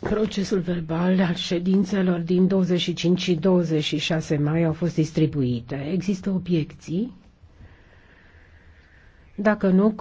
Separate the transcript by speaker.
Speaker 1: Procesul verbal al ședințelor din 25 și 26 mai au fost distribuite. Există obiecții? Dacă nu,